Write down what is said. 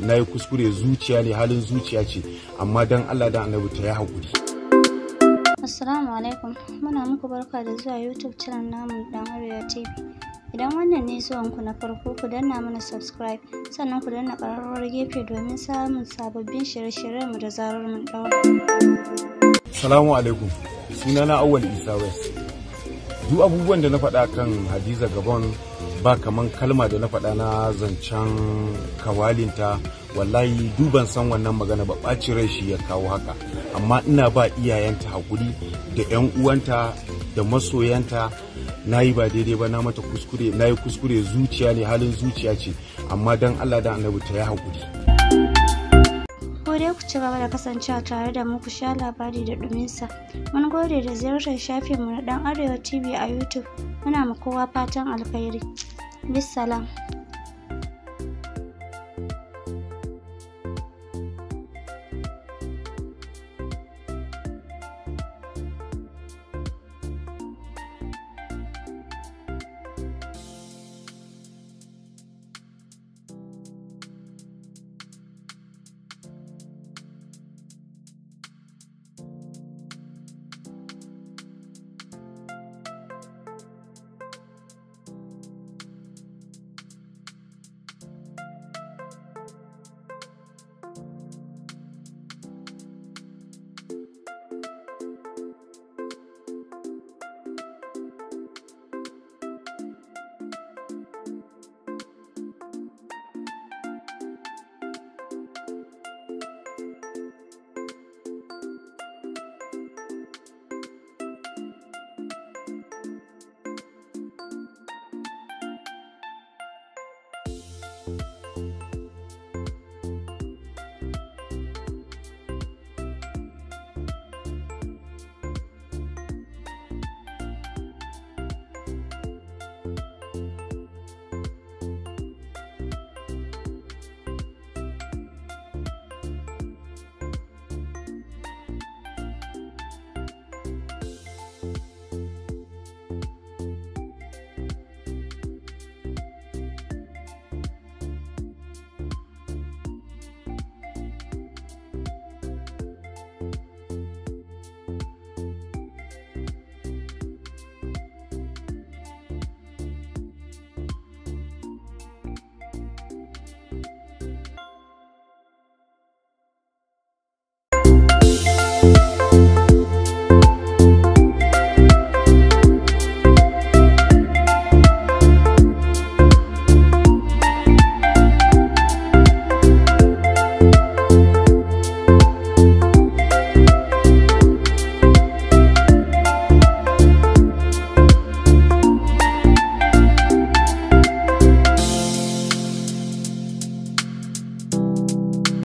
na yi kuskure zuciya ne halin zuciya ce amma dan Allah da annabi ta yi hakuri Assalamu alaikum muna muku barka da zuwa YouTube channel namu dan Arewa TV Idan wannan ne zuwanku na farko ku danna mana subscribe sannan ku danna ƙararrawar gefe domin samun sababbin shirye-shiryen mu da zarar mun daura. Salamu alaikum sunana Awal Isa West duk abubuwan da na faɗa kan hadiza gabon ba kaman kalma da na faɗa na zancen kawalinta wallahi duban san wannan magana ba ɓaci rai shi ya kawo haka amma ina ba iyayenta hakuri da 'yan uwanta da masoyanta na yi ba daidai ba na mata kuskure na yi kuskure zuciya ne halin zuciya ce amma don allah da annabi ta yi hakuri. gode ku ci gaba da kasancewa tare da mu ku sha labari da ɗuminsa. Mun gode da ziyartar shafinmu na ɗan Arewa TV a YouTube. Muna ma kowa fatan alkhairi. bisalam